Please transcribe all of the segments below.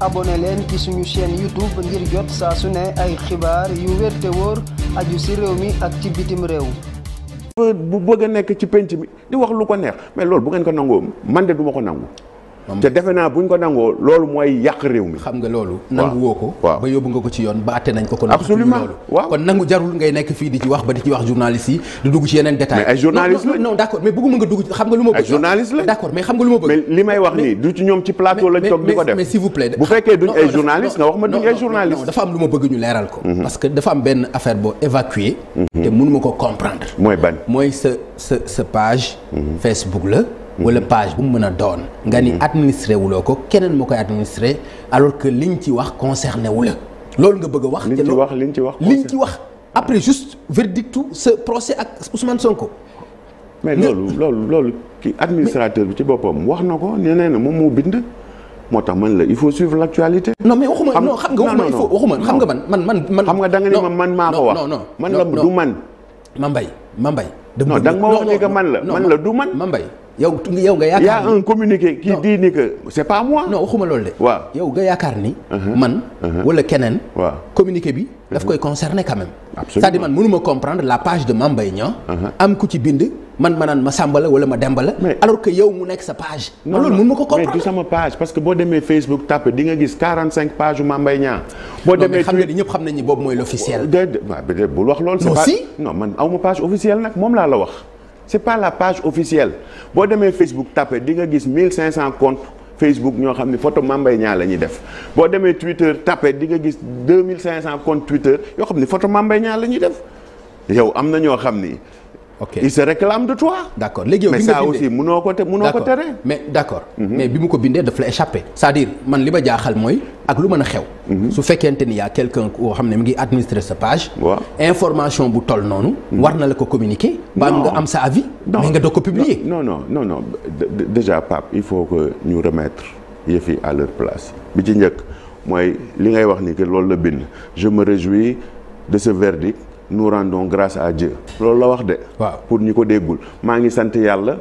abonné leen ci suñu chaîne YouTube ngir jot saa su ne ay xibaar yu wér wóor aju ci réew mi ak ci bitim réew. bu bëgg nekk ci pénc mi di wax lu ko neex mais loolu bu ngeen ko nangoo man de du ma ko nangu. te defe naa buñ ko nangoo loolu mooy yàq réew mi xam nga loolu nangu woo ko waaw ba yóbbu nga ko ci yoon ba atte nañ ko kon absolument waaw kon nangu jarul ngay nekk fii di ci wax ba di ci wax journaliste yi di dugg ci yeneen détail mais ay journaliste la non d' accord mais bëgguma nga dugg xam nga lu ma bëgg journaliste la d' accord mais xam nga lu ma bëgg ko def mais s'il vous plaît bu nga wax dafa am lu ma bëgg ñu leeral ko mhm. parce que dafa am benn affaire boo évacuer mhm. te mënuma ko comprendre mooy ban mooy sa sa sa page mhm. Facebook la wala page bu mu mën a doon nga ni mhm. administré wuloo ko keneen moo koy administré alors que li ñu ci wax concerné wu la loolu nga bëgg a wax liñ ci wax liñ ci wax liñ ci wax après juste verdictu ce procès ak Ousmane ko mais loolu loolu loolu ki administrateur bi ci boppam wax na ko nee na moom mu bind moo tax man la il faut suivre l'actualité. non mais waxuma non xam nga waxuma il faut waxuma xam nga man man man man. xam nga da nga ne ma man maa ko wax non non man la du man. Mambay Mambay. dama bëgg non da nga ma wax ni que man la man la du man Mambay. yow yow nga yaakaar ni a un communiqué qui dit ni que c'est nga yaakaar ni. man wala keneen. waaw communiqué bi daf uh-huh. koy concerner quand même. absolument cest comprendre la page de Mame Mbaye Niang. Uh-huh. am ku ci bind. man ma naan ma Samba la wala ma Demba la. alors que yow mu nekk sa page. non loolu mën ma ko comprendre mais du sama page parce que boo demee Facebook tàppe di nga gis 45 pages yu Mame Mbaye Niang. boo demee xam nga ni ñëpp xam nañ ni boobu mooy l'officiel. déedéet bul wax loolu. c'est pas non man aw page officielle nag moom laa wax. c'est pas la page officielle boo demee Facebook tapé di nga gis 1500 comptes Facebook ñoo xam ni photo Mame Mbaye Niang la ñuy def boo demee Twitter tapé di nga gis 2500 comptes Twitter yoo xam ni photo Mame Mbaye Niang la ñuy def yow am na ñoo xam ni. ok il se réclame de toi. d' accord léegi yow bi nga mais ko te mënoo ko tere. mais d' mhm. ko bindee daf la échappé. c' est man li ma jaaxal mooy ak lu mën a xew. Mhm. su fekkente ni y' a quelqu' un koo xam ne mu ngi administrer sa page. information bu toll noonu. Mhm. war na la ko communiquer. ba nga am sa avis. non mais nga doog ko publier. non non non non déjà Pape il faut que ñu remettre yëf yi à leur place bi ci njëkk mooy li ngay wax ni que loolu la bind je me réjouis de ce verdict nous rendons grâce à Dieu loolu la wax de. waaw pour ñi ko déggul maa ngi sant yàlla.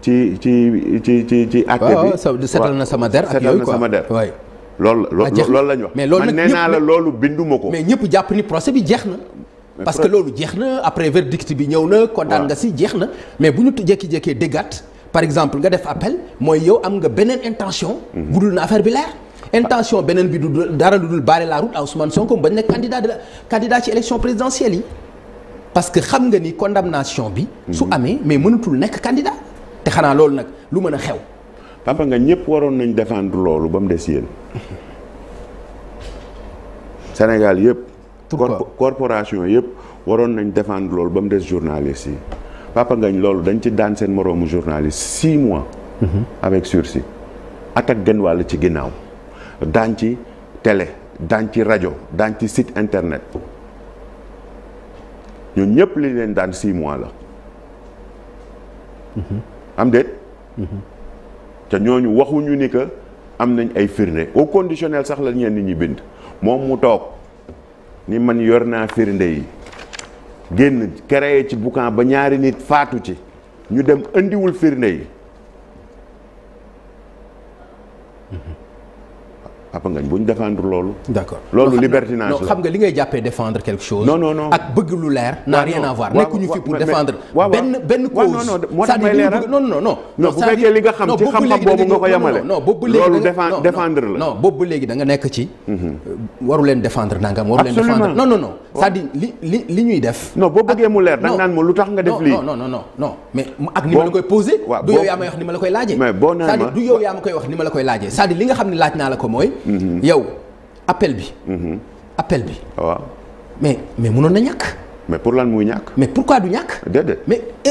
ci ci ci ci ci acte bi waaw setal na sama der ak yooyu quoi sama der waay loolu ah, loolu la ñu wax mais loolu nag nee naa la loolu binduma ko mais ñëpp jàpp ni procès bi jeex na parce que loolu jeex na après verdict bi ñëw na condamné nga si jeex na mais bu ñu jékki-jékkee déggaat par exemple nga def appel mooy yow am nga beneen intention mhm. bu dul na affaire bi leer intention beneen bi du dara lu dul barrer la route à Ousmane Sonko bañ nekk candidat de la candidat ci élection présidentielle yi parce que xam nga ni condamnation bi. su mhm. amee mais mënatul nekk candidat. te xanaa loolu nag lu mën a xew. papa nga ñëpp waroon nañ défendre loolu ba mu des yéen Sénégal yëpp. corporation yëpp waroon nañ défendre loolu ba mu des journalistes yi papa ngañ loolu dañ ci daan seen moroomu journaliste six mois. Mhm. avec sursis attaque wàll ci ginnaaw. daañ ci télé daañ ci rajo daañ ci site internet ñun ñëpp li leen daan six mois la mm-hmm. am déet mm-hmm. te ñooñu waxuñu ni que am nañ ay firnde au conditionnel sax la ñeen nit ñi bind moom mu toog ni man yor naa firnde yi génn créé ci boucan ba ñaari nit faatu ci ñu dem indiwul firnde yi Papa Ngagne bu ñu défendre loolu. d'accord loolu libertinage la non xam nga li ngay jàppee défendre quelque chose. non non non ak bëgg lu n'a rien à voir nekkuñu fi pour défendre. benn benn cause. c'est-à-dire non non non. non bu fekkee li li li li ñuy def. non boo bëggee mu leer da nga naan ma lu tax nga def lii. non non non la koy posé. du yow yaa la koy laajee. mais boo li nga xam ne laaj naa la ko mooy Mhm. yow appel bi. Mhm. appel bi. Ah waaw mais mais munoon na ñàkk. mais pour lan muy ñàkk. mais pourquoi du ñàkk. déedéet mais euh,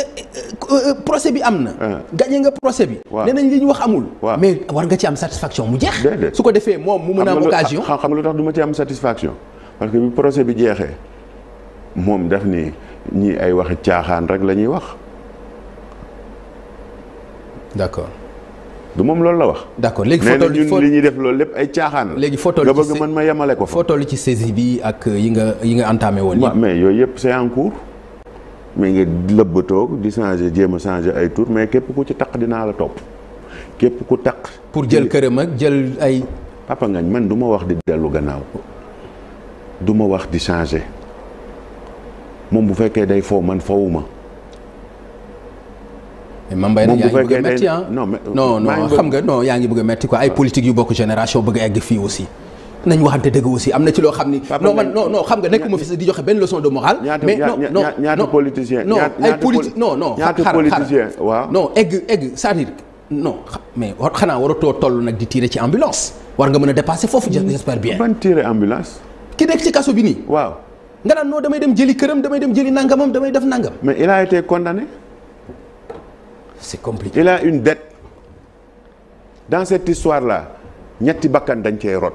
euh, euh, procès bi am na. Ah. gagné nga procès bi. waaw nee nañ li ñu wax amul. mais war nga ci am satisfaction mu jeex. déedéet su ko defee moom mu mën a am occasion. xam nga lu tax du ma ci am satisfaction. parce que bi procès bi jeexee moom daf ni ñii ay waxi caaxaan rek la ñuy wax. d'accord. du moom loolu la wax. d'accord léegi foo toll ñun li ñuy def loolu lépp ay caaxaan la. léegi foo toll nga bëgg mën ma yemale ko fa. foo toll ci saisie bi ak yi nga yi nga entamé woon. waaw mais yooyu yëpp c'est en cours. mais nga lëbbatoog di changer jéem a changer ay tour mais képp ku ci taq dinaa la topp. képp ku taq. pour jël këram mag jël ay. papa ngañ man du ma wax di dellu gannaaw du ma wax di changer moom bu fekkee day foo man fawuma Eh, ma Mbaye nag yaa ngi bëgg metti ah non non euh, xam nga non yaa ngi bëgg a metti quoi ay ah. politique yu bokk génération bëgg a egg fii aussi nañ waxante dëgg aussi am na ci loo xam ni non man non non xam nga nekkuma fi di joxe benn leçon de morale mais egg egg c'est-à-dire non mais xanaa waratoo toll nag di tirer ci ambulance war nga mën a dépasser foofu j'espère bien ban tirer ambulance ki nekk ci kaso bi nii waaw nga naan non damay dem jëli këram damay dem jëli nangamam damay def nangam mais a c'est compliqué une dette dans cette histoire là ñetti bakkan dañ cee rot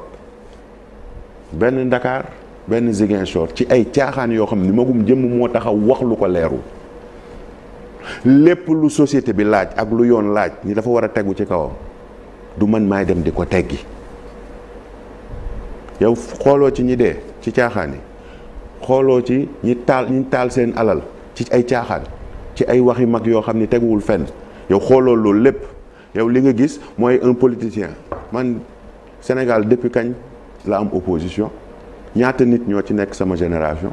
benn Dakar benn Ziguinchor ci ay caaxaan yoo xam ni magum jëmm moo taxaw wax lu ko leerul lépp lu société bi laaj ak lu yoon laaj ni dafa war a tegu ci kawam du man maay dem di ko teggi yow xooloo ci ñi dee ci caaxaan yi xooloo ci ñi taal ñi taal seen alal ci ay caaxaan ci ay wax yu mag yoo xam ni teguwul fenn yow xooloo loolu lépp yow li nga gis mooy un politicien man Sénégal depuis kañ la am opposition ñaata nit ñoo ci nekk sama génération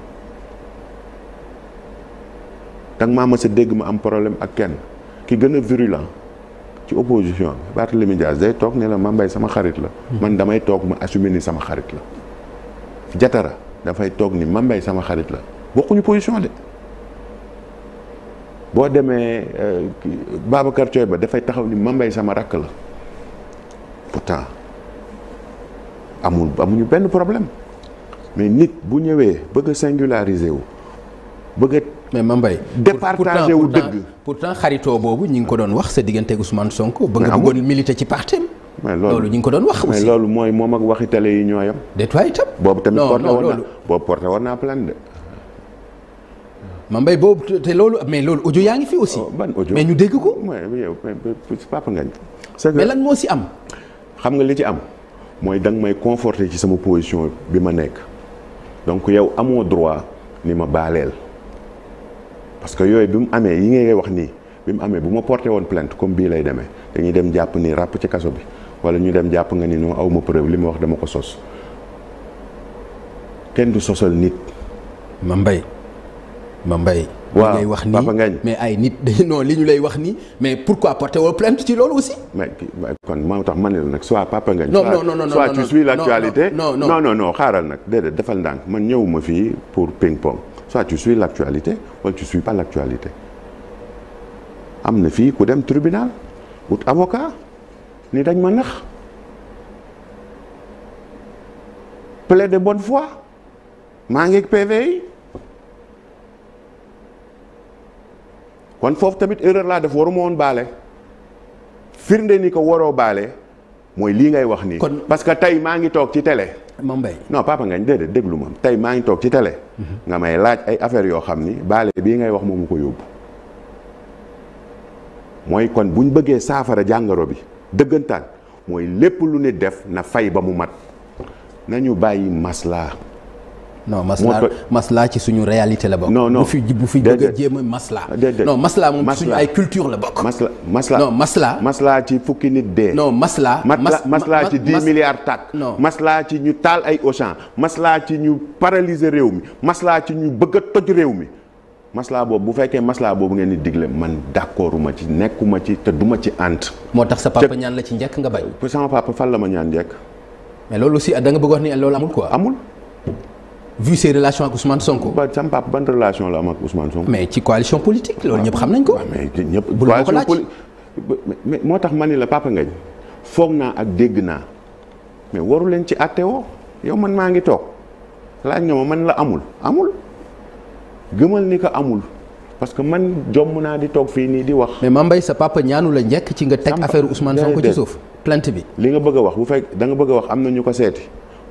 danga maa mës a dégg ma am problème ak kenn ki gën a virulent ci opposition bi Barthélémy Dias day toog ni la ma mbay sama xarit la. Hmm. man damay toog ma assumer ni sama xarit la. jatara dafay toog ni ma mbay sama xarit la bokkuñu position de. boo demee euh, Babacar Thioye ba dafay taxaw ni Mambay sama rakk la pourtant amul amuñu benn problème mais nit bu ñëwee bëgg a singulariser wu bëgg a. mais Mambay. départager wu dëgg pourtant xaritoo boobu ñu ngi ko doon wax sa diggante Ousmane Sonko. ba nga bëggoon militer ci partem mais loolu ñu ngi ko doon wax aussi mais loolu mooy moom ak waxi télé yi ñooyam. déet waay itam. boobu tamit porté woon naa boobu porté de. ma mbay boobu te loolu mais loolu audio yaa ngi fi aussi. Oh, ban audio mais ñu dégg ko. papa ngañ. c'est que mais lan moo si am. xam nga li ci am mooy da nga may ci sama position bi ma nekk donc yow amoo droit ni ma baaleel parce que yooyu bi mu amee yi ngay wax nii bi mu amee bu ma porté woon plainte comme bii lay demee dañuy dem jàpp ni ràpp ci kaso bi wala ñu dem jàpp nga ni non aw ma preuve li ma wax dama ko sos kenn du sosal nit. ma mbay. ma mbay waaw lay wax nii mais ay nit dañu li ñu lay wax nii mais pourquoi porté woo plainte ci loolu aussi. mais kon moo tax ma ne la nag soit Papa Ngagne. non non non non xaaral nag déedéet defal ndànk man ñëwuma fii pour ping pong soit tu suis l'actualité wala tu suis pas l'actualité am na fii ku dem tribunal wut avocat ni dañ ma nax plaide de bonne foi maa ngi PV kon foofu tamit erreur laa def waruma woon baale firnde ni ko waroo baale mooy lii ngay wax nii. kon parce que tey maa ngi toog ci tele Mame Mbaye non papa ngañ déedéet déglu mam tey maa ngi toog ci télé. Mhm. nga may laaj ay affaires yoo xam ni baale bii ngay wax moomu ko yóbbu. mooy kon buñ bëggee saafara jàngoro bi dëggantaan mooy lépp lu nit def na fay ba mu mat nañu bàyyi maslaa non maslaa maslaa ci suñu réalité la bokk. non non bu fi bu fi bëgg a jéem a maslaa. non maslaa suñu ay culture la bokk. masla maslaa non maslaa. maslaa ci fukki nit dee. non maslaa. maslaa maslaa ci dix milliards tàkk. non maslaa ci ñu taal ay Auchan maslaa ci ñu paralyser réew mi maslaa ci ñu bëgg a toj réew mi. maslaa boobu bu fekkee maslaa boobu ngeen di digle man d'accorduma ci nekkuma ci te duma ci ànd. moo tax sa papa ñaan la ci njëkk nga bay. sama papa fan la ma ñaan njekk mais loolu aussi da nga bëgg wax ni loolu amul quoi. amul. vu ses ak Ousmane Sonko. ba sam papa ban relation la am ak Ousmane Sonko. mais ci coalition politique loolu ñëpp xam nañ ko. mais moo tax ma ni la papa ngañ foog naa ak dégg naa mais waru leen ci àtte yow man maa ngi toog laaj nga ma man la amul amul gëmal ni ko amul parce que man jomm naa di toog fii nii di wax. mais ma Mbaye sa papa ñaanu la njëkk ci nga teg affaire Ousmane Sonko ci suuf plant bi. li nga bëgg a wax bu fekk danga nga bëgg a wax am na ñu ko seeti.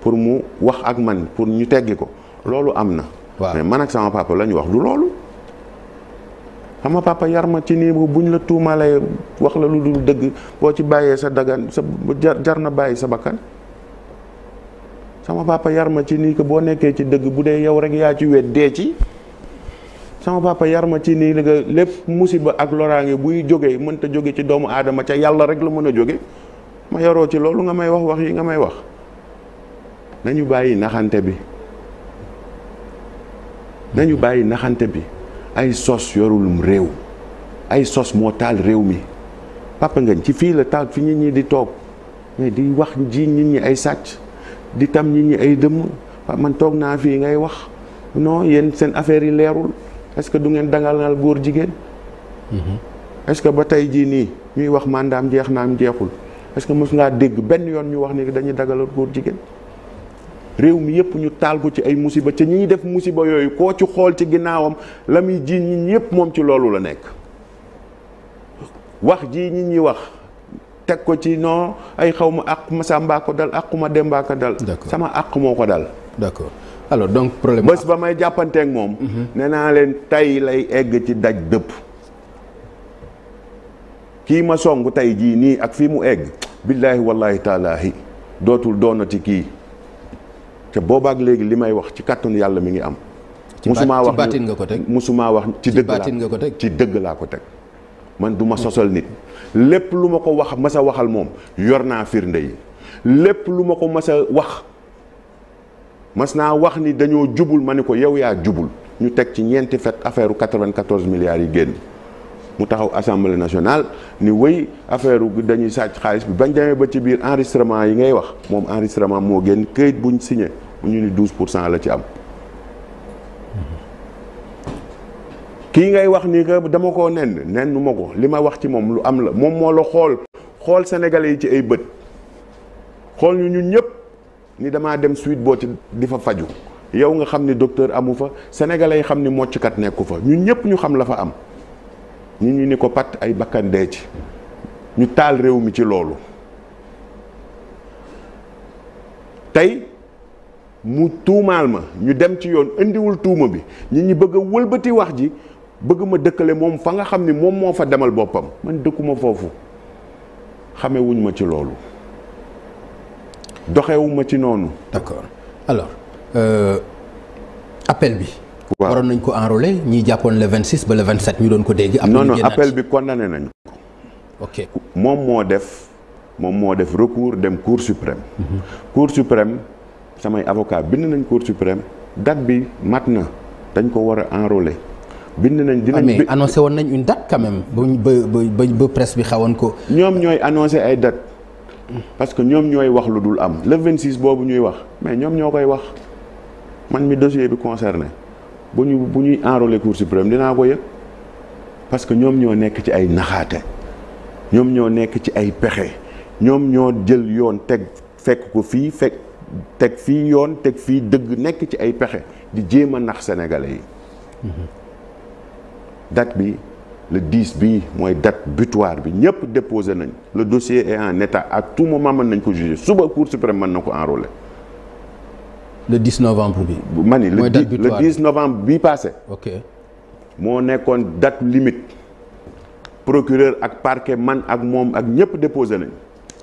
pour mu wax ak man pour ñu teggi ko loolu am na. waaw man ak sama papa la wax du loolu. xam nga papa ma ci nii buñ la tuumalee wax la lu dëgg boo ci bàyyee sa dagan sa jar na bàyyi sa bakkan sama papa yar ma ci nii que boo nekkee ci dëgg bu dee yow rek yaa ci wet dee ci sama papa yar ma ci nii nga lépp musiba ak loraange buy jógee mënta jóge ci doomu aadama ca yàlla rek la mën a jóge ma yaroo ci loolu nga may wax wax yi nga may wax. nañu bàyyi naxante bi nañu bàyyi naxante bi ay sos yorul réew ay sos moo taal réew mi papa ngañ ci fii la taal fi nit ñi di toog mais di wax jii nit ñi ay sàcc di tam ñi ñi ay dëmm man toog naa fii ngay wax noo yéen seen affaire yi leerul est que du ngeen dangalal góor jigéen mhm. est-ce que ba tey jii nii ñuy wax mandaam jeex naam jeexul est-ce que mos ngaa dégg benn yoon ñu wax ni dañuy dagalal góor jigéen réew mi yëpp ñu taal ko ci ay musiba ca ñi def musiba yooyu koo ci xool ci ginnaawam la muy ji ñi ñëpp moom ci loolu la nekk wax ji ñi ñi wax teg ko ci non ay xaw ma àq ma sàmbaa ko dal àq ma dembaa ko dal sama àq moo ko dal d'accord donc problème ba may jàppanteek moom mhm. nee naa leen tey lay egg ci daj dëpp kii ma song tey jii nii ak fii mu egg billaahi wallaahi taalaahi dootul doonati kii te boobaak léegi li may wax ci kàttanu yàlla mi ngi am. musuma wax ci nga ko teg musuma wax ci dëgg nga ko teg ci dëgg laa ko teg. man du ma sosal nit lépp lu ma ko wax mas waxal moom yor naa firnde yi lépp lu ma ko mas wax mas naa wax ni dañoo jubul ma ni ko yow yaa jubul ñu teg ci ñeenti fet affaire 94 milliards yi génn mu taxaw assemblée nationale ni wéy affaire dañuy sàcc xaalis bi bañ demee ba ci biir enregistrement yi ngay wax moom enristrement moo génn këyit buñ signé. ñu ni douze pour cent la ci am kii ngay wax nii que dama koo nen nenn ma ko li ma wax ci moom lu am la moom moo la xool xool sénégalais yi ci ay bët xool ñu ñu ñëpp ni damaa dem suite boo ci di fa faju yow nga xam ni docteur amu fa sénégalais yi xam ni mocckat nekku fa ñun ñëpp ñu xam la fa am ñu ñu ni ko pat ay bakkan ci ñu taal réew mi ci loolu tey mu tuumaal ma ñu dem ci yoon indiwul tuuma bi nit ñi bëgg a wëlbati wax ji bëgg ma dëkkale moom fa nga xam ni moom moo fa demal boppam man dëkkuma foofu xamewuñ ma ci loolu doxewuma ci noonu. d'accord alors euh, appel bi. waaw waroon nañ ko enrôler ñi jàppoon le 26 ba le 27 ñu doon ko dégg. am non non appel bi condamné nañ ko. ok moom moo def moom moo def recours dem cour suprême. Mm -hmm. samay avocat bind nañ cour suprême date bi mat na dañ ko war a enrôler bind nañ dinañ ah, mais annoncé woon nañ une date quand même ba ba ba presse bi xawoon ko ñoom ñooy annoncé ay date parce que ñoom ñooy wax lu dul am le 26 boobu ñuy wax mais ñoom ñoo koy wax man mi dossier bi concerné bu ñu bu ñuy enrôler cour suprême dinaa ko yëg parce que ñoom ñoo nekk ci ay naxaate ñoom ñoo nekk ci ay pexe ñoom ñoo jël yoon teg fekk ko fii fekk teg fii yoon teg fii dëgg nekk ci ay pexe di jéem a nax sénégalais yi mm-hmm. date bi le 10 bi mooy date butoir bi ñëpp déposé nañ le dossier est en état à tout moment mën nañ ko juger suba cour suprême mën na ko enrôler le 10 novembre bi ma ni le 10 novembre bi passé ok moo nekkoon date limite procureur ak parquet man ak moom ak ñëpp déposé nañ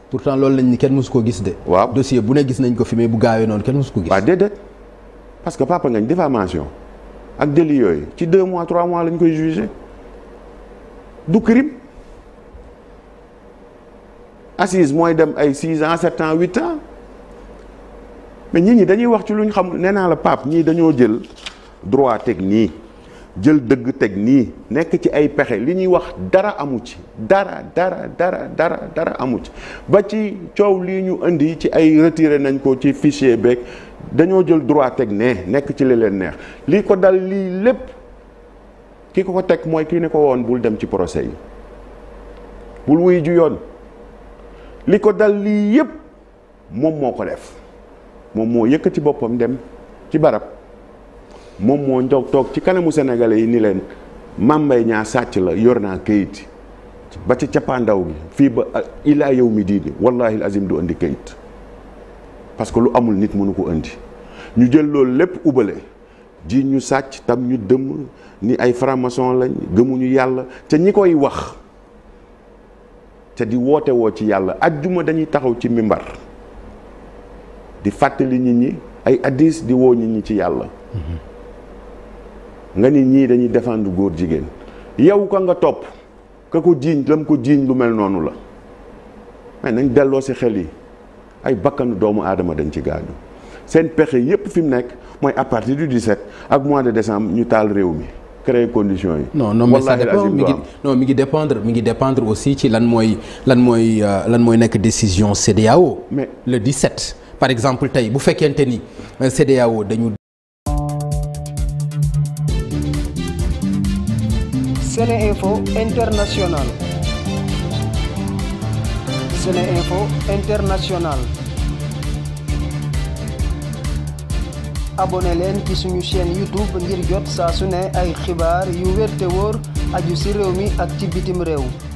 pourtant loolu lañ ni kenn mosu ko gis de. waaw dossier bu ne gis nañ ko fi mais bu gaawee noonu kenn mosu ko gis. waaw déedéet parce que papa ngañ diffamation ak délit yooyu ci deux mois trois mois lañ koy jugé du crime assise mooy dem ay six ans sept ans huit ans mais ñit ñi dañuy wax ci luñ xam nee naa la pap ñii dañoo jël droit teg nii jël dëgg teg nii nekk ci ay pexe li ñuy wax dara amu ci dara dara dara dara dara amu ci ba ci coow lii ñu indi ci ay retiré nañ ko ci fichier beeg dañoo jël droit teg ne nekk ci li leen neex lii ko dal lii lépp ki ko ko teg mooy ki ne ko woon bul dem ci procès yi bul wuy ju yoon li ko dal lii yépp moom moo ko def moom moo yëkkati boppam dem ci barab moom moo njog toog ci kanamu sénégalais yi ni leen Mame Mbaye sàcc la yor naa kayit ba ci cappaandaw gi fii ba euh, ilaa yow mi diini wallahi azim du andi kayit parce que lu amul nit mënu ko andi ñu jël loolu lépp ubale ji ñu sàcc tam ñu dëmm ni ay franc-maçon lañ gëmuñu yàlla te ñi koy wax te di woote woo ci yàlla ajjuma dañuy taxaw ci mimbar di fàttali nit ñi ay addis di woo nit ñi ci yàlla mm-hmm. nga ni ñii dañuy défendre góor jigéen yow ka nga topp ka ko jiiñ la mu ko jiiñ lu mel noonu la mais nañ delloo si xel yi ay bakkanu doomu aadama dañ ci gaañu seen pexe yépp fi mu nekk mooy à partir du 17 ak mois de décembre ñu taal réew mi créer conditions yi. non non mais ça dépend mi ngi non mi ngi dépendre mi ngi dépendre aussi ci lan mooy lan mooy euh, lan mooy nekk décision CEDEAO. mais le 17 par exemple tey bu fekkente ni euh, CEDEAO dañu. Seneinfo International Seneinfo leen ci suñu chaîne YouTube ngir jot saa su ne ay xibaar yu werte te aju ci réew mi ak ci bitim réew